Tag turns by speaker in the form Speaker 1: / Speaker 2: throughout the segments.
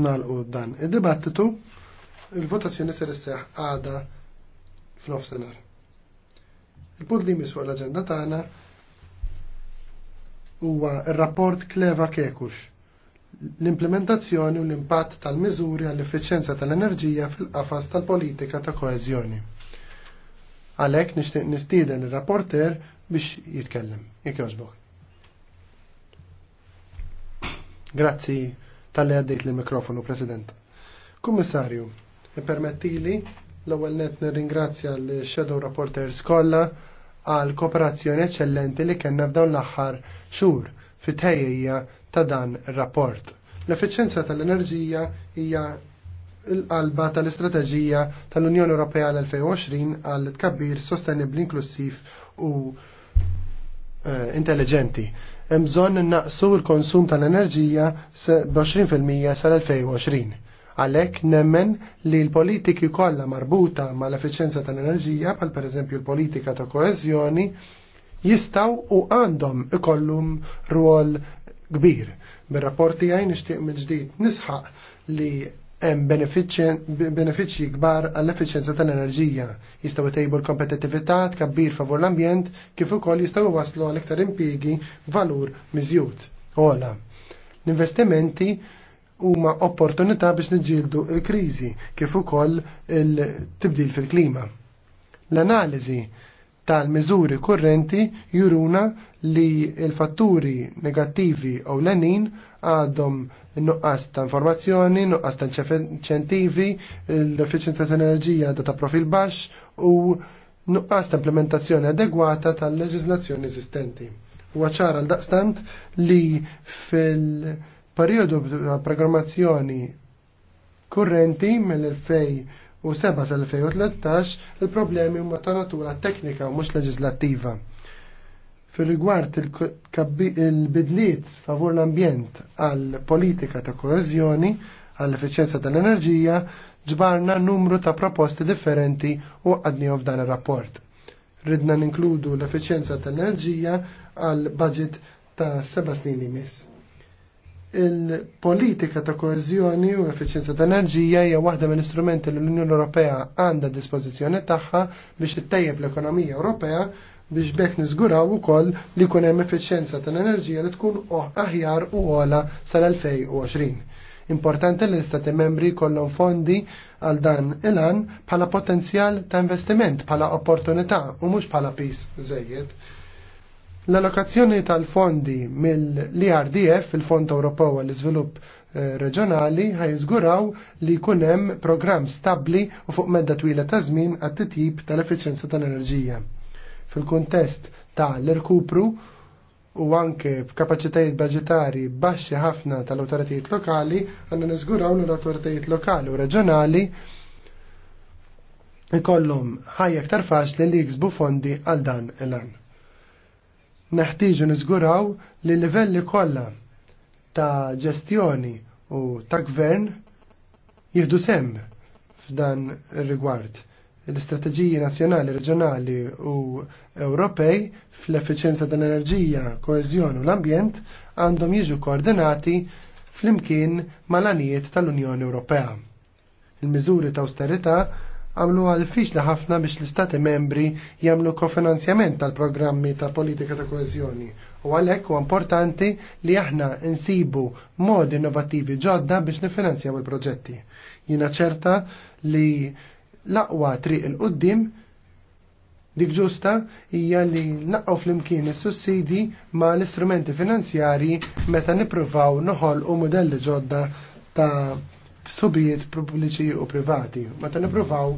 Speaker 1: nalqu dan id-dibattitu il-votazzjoni ser isseħ għada f'nofsinhar. Il-punt li jmiss fuq l-aġenda tagħna huwa r-rapport Kleva Kekux l-implementazzjoni u l-impatt tal-miżuri għall-effiċenza tal-enerġija fil-qafas tal-politika ta' koeżjoni. Għalhekk nixtieq nistieden ir-rapporter biex jitkellem. Jekk jogħġbok. Grazzi, tal-li għaddejt li mikrofonu, President. Kummissarju, permettili l-ewwel net nirringrazzja l-Shadow Reporters kollha għal kooperazzjoni eċċellenti li kellna f'dawn l-aħħar xhur fit-tejjija ta' dan ir-rapport. l efficienza tal-enerġija hija l-qalba tal-istrateġija tal-Unjoni Ewropea l-2020 għal tkabbir sostenibli inklusiv u uh, intelligenti hemm bżonn innaqsu l-konsum tal-enerġija b'20% sal-2020. Għalhekk nemmen li l-politiki kollha marbuta mal-efficienza tal-enerġija, per pereżempju l-politika ta' koeżjoni, jistaw u għandhom ikollhom rwol kbir. Bir-rapporti għaj nixtieq mill-ġdid nisħaq li hemm benefiċċji kbar għall-effiċjenza tal-enerġija, jistgħu jtejbu l-kompetittività tkabbir favur l-ambjent kif ukoll jistgħu waslu għal iktar impjiegi valur miżjud. Ola. L-investimenti huma opportunità biex niġġieldu l-kriżi kif ukoll il-tibdil fil-klima. L-analiżi tal-miżuri kurrenti juruna li l-fatturi negattivi u l-enin għadhom nuqqas ta' informazzjoni, nuqqas ta' inċentivi, l-efficienza ta' enerġija da ta' profil baxx u nuqqas ta' implementazzjoni adegwata tal leġizlazzjoni esistenti. U għacħar għal-daqstant li fil-periodu ta' programmazzjoni kurrenti mill-2000 u 7 2013 il-problemi huma ta' natura teknika u mhux leġislattiva. Fil-rigward il-bidliet favur l-ambjent għal politika ta' koezjoni għall efficienza tal-enerġija ġbarna numru ta' proposti differenti u għadni f'dan ir-rapport. Ridna ninkludu l-efficienza tal-enerġija għal budget ta' seba' snin li miss il-politika ta' koezjoni u effiċjenza ta' enerġija hija waħda mill istrumenti li l-Unjoni Ewropea għandha dispożizzjoni tagħha biex ittejjeb l-ekonomija Ewropea biex bekk niżguraw ukoll li jkun hemm effiċjenza ta' enerġija li tkun aħjar u għola sal-2020. Importanti li l-istati membri kollon fondi għal dan il-an bħala potenzjal ta' investiment, bħala opportunità u mhux bħala pis żejjed L-allokazzjoni tal-fondi mill-IRDF, il-Fond Ewropew għall-Iżvilupp eh, reġjonali ħajżguraw li jkun hemm programm stabbli u fuq medda twila ta' żmien għat-titjib tal-effiċjenza tal-enerġija. Fil-kuntest tal irkupru u anke b'kapaċitajiet baġitari baxxi ħafna tal-awtoritajiet lokali għandna niżguraw li l-awtoritajiet lokali u reġjonali ikollhom ħajja aktar faċli li jiksbu fondi għal dan il an neħtieġu niżguraw li livelli kollha ta' ġestjoni u ta' gvern jieħdu sem f'dan ir-rigward. L-istrateġiji nazzjonali, reġjonali u Ewropej fl efficienza tal-enerġija, koezjon u l-ambjent għandhom jiġu koordinati fl-imkien mal-anijiet tal-Unjoni Ewropea. Il-miżuri ta' austerita' għamlu għal-fiċli ħafna biex l-istati membri jagħmlu kofinanzjament tal-programmi ta' politika ta' koezjoni. U għalhekk huwa importanti li aħna insibu modi innovattivi ġodda biex nifinanzjaw il-proġetti. Jina ċerta li l-aqwa triq il-qoddim Dik ġusta hija li naqqgħu flimkien is-sussidi ma l-istrumenti finanzjarji meta nippruvaw noħolqu modelli ġodda ta' subijiet pubbliċi u privati. Meta nippruvaw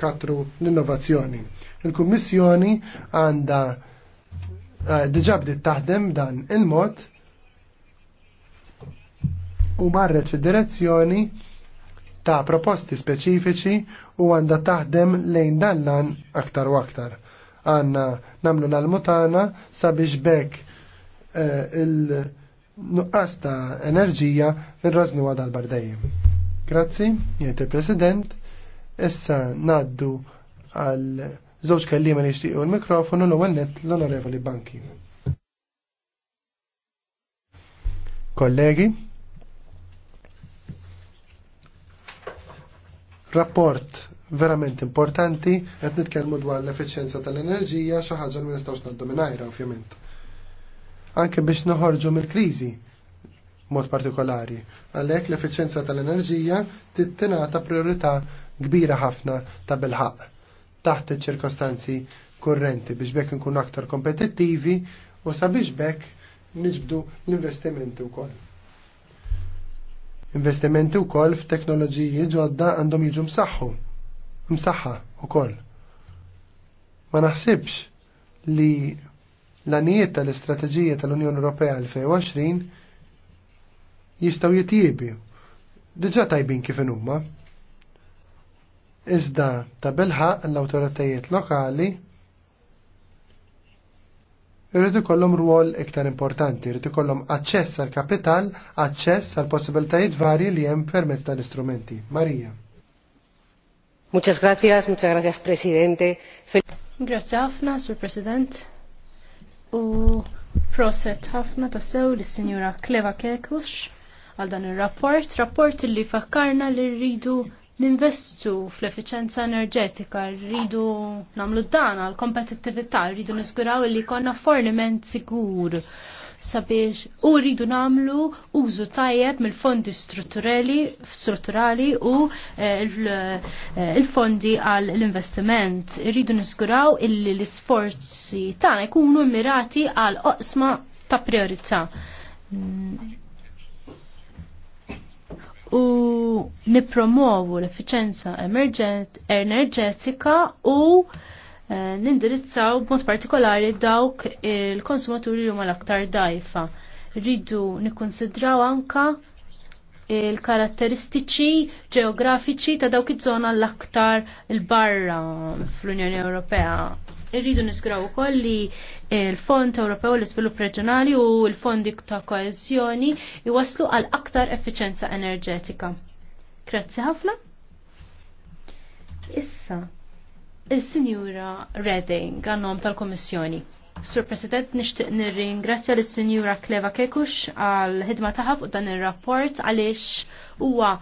Speaker 1: katru l-innovazzjoni. Il-Kummissjoni għandha eh, diġà di taħdem dan il-mod u marret fid-direzzjoni ta' proposti speċifiċi u għandha taħdem lejn dan lan aktar u aktar. Għanna namlu l-almutana sabiex bekk uh, nuqqas ta' enerġija fil-raznu għadal bardejjem. Grazzi, jgħid il-President, issa naddu għal żewġ kellima li jixtiequ l-mikrofonu l-ewwel nett l-Onorevoli Banki. Kollegi, rapport verament importanti qed nitkellmu dwar l-effiċjenza tal-enerġija xi ħaġa li naddu mingħajra ovvjament anke biex noħorġu mill-kriżi mod partikolari. Għalhekk l efficienza tal-enerġija tittenata priorità kbira ħafna ta' bilħaq taħt iċ-ċirkostanzi kurrenti biex bekk nkun aktar kompetittivi u sabiex bekk niġbdu l-investimenti wkoll. Investimenti wkoll f'teknoloġiji ġodda għandhom jiġu msaħħu, msaħħa wkoll. Ma naħsibx li L-anijiet tal-istrateġija tal-Unjoni Ewropea 2020 jistaw jitjibi. Diġa tajbin kif huma. Iżda ta' bilħaq l-awtoritajiet lokali irridu kollom rwol iktar importanti, irridu kollom aċċess għal kapital, aċċess għal possibilitajiet varji li hemm permezz tal-istrumenti. Marija. Muchas gracias, muchas
Speaker 2: gracias, Presidente. Grazie ħafna, Sur President. U proset ħafna ta' sew l-Sinjura Kleva Kekus għal dan il-rapport, rapport li fakkarna li rridu ninvestu fl-efficienza enerġetika, rridu namlu dan għal kompetittivita, rridu nisguraw li konna forniment sigur sabiex u rridu namlu użu tajjeb mill-fondi strutturali, strutturali u eh, eh, il-fondi għal l-investiment. Rridu nisguraw illi l-sforzi tagħna jkunu mirati għal oqsma ta' priorità. U nipromovu l-efficienza energetika u Eh, nindirizzaw b'mod partikolari dawk il-konsumaturi li huma l-aktar dajfa. Rridu nikkonsidraw anka il-karatteristiċi ġeografiċi ta' dawk iż-żona l-aktar il-barra fl-Unjoni Ewropea. Irridu niskraw ukoll li l fond Ewropew l-Isvilupp Reġjonali u l-Fondi ta' Koeżjoni iwaslu għal aktar effiċenza enerġetika. Grazzi ħafna. Issa, Il-Sinjura Redding, għannom tal-Komissjoni. Sur President, nishtiq nirringrazzja l sinjura Kleva Kekux għal ħidma taħab u dan il-rapport għalix huwa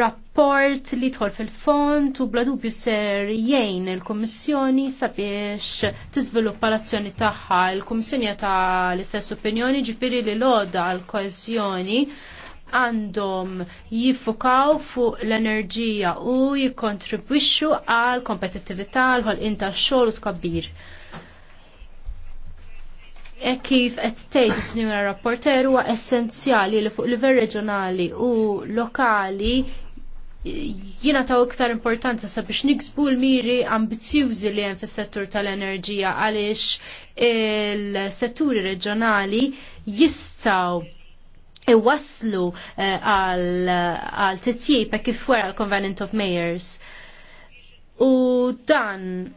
Speaker 2: rapport li tħol fil-font u bla dubju ser jgħin il komissjoni sabiex tiżviluppa l-azzjoni tagħha. il komissjoni ta' l-istess opinjoni ġifiri li loda l koezjoni għandhom jiffukaw fuq l-enerġija u jikontribwixxu għal kompetittività għal ħolqien tax-xogħol u tkabbir. E kif qed tgħid is-Sinjura Rapporter huwa essenzjali li fuq livell reġjonali u lokali jina taw iktar importanti sabiex niksbu l-miri ambizjużi li hemm fis-settur tal-enerġija għaliex il-setturi reġjonali jistgħu iwaslu eh, għal titjib e kif wera l-Convenant of Mayors. U dan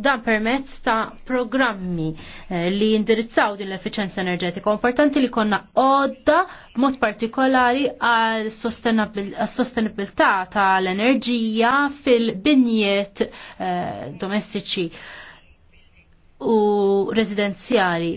Speaker 2: dan permezz ta' programmi eh, li indirizzaw din l-efficienza enerġetika. Importanti li konna odda mod partikolari għal sostenibilità tal-enerġija fil-binjiet eh, domestiċi u rezidenzjali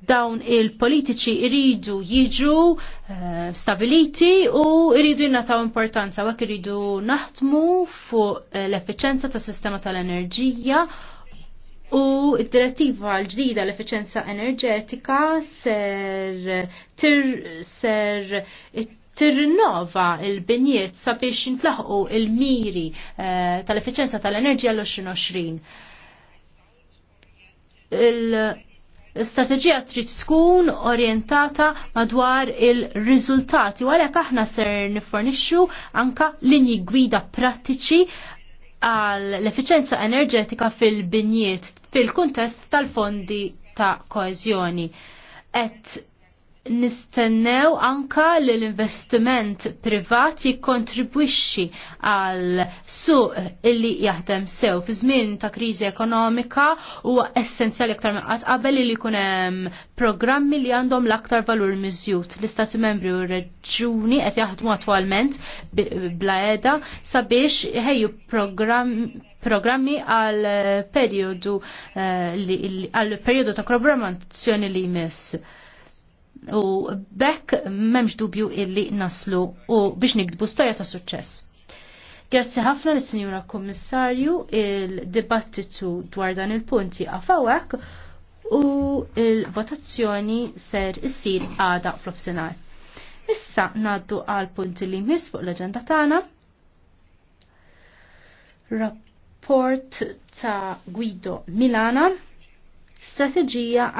Speaker 2: dawn il-politiċi iridu jiġu eh, stabiliti u iridu jinnataw importanza għak iridu naħtmu fuq eh, l-efficienza ta' sistema tal-enerġija u id-direttiva l-ġdida l-efficienza enerġetika ser tir, ser tirnova il-binjiet sabiex jintlaħqu il-miri uh, tal-efficienza tal-enerġija l-2020. il miri tal efficienza tal enerġija l 2020 il l-istrateġija trid tkun orientata madwar il-riżultati u għalhekk aħna ser nifornixxu anka linji gwida prattiċi għal l-efficienza enerġetika fil-binjiet fil-kuntest tal-fondi ta' koezjoni. Et nistennew anka li l-investiment privat jikkontribwixxi għal suq illi jaħdem sew. Fi żmien ta' kriżi ekonomika huwa essenzjali aktar minn qatt qabel li jkun hemm programmi li għandhom l-aktar valur miżjud. L-Istati Membri u Reġuni qed jaħdmu attwalment bla qiegħda sabiex ħejju programmi programmi għal periodu eh, għal periodu ta' programmazzjoni li jmiss u bekk memx dubju illi naslu u biex nikdbu storja ta' suċċess. Grazzi ħafna l-Sinjura Kommissarju il-dibattitu dwar dan il-punti għafawek u il-votazzjoni ser issir għada fl-ofsenar. Issa naddu għal punti li mis fuq l-agenda tagħna. Rapport ta' Guido Milana, strategija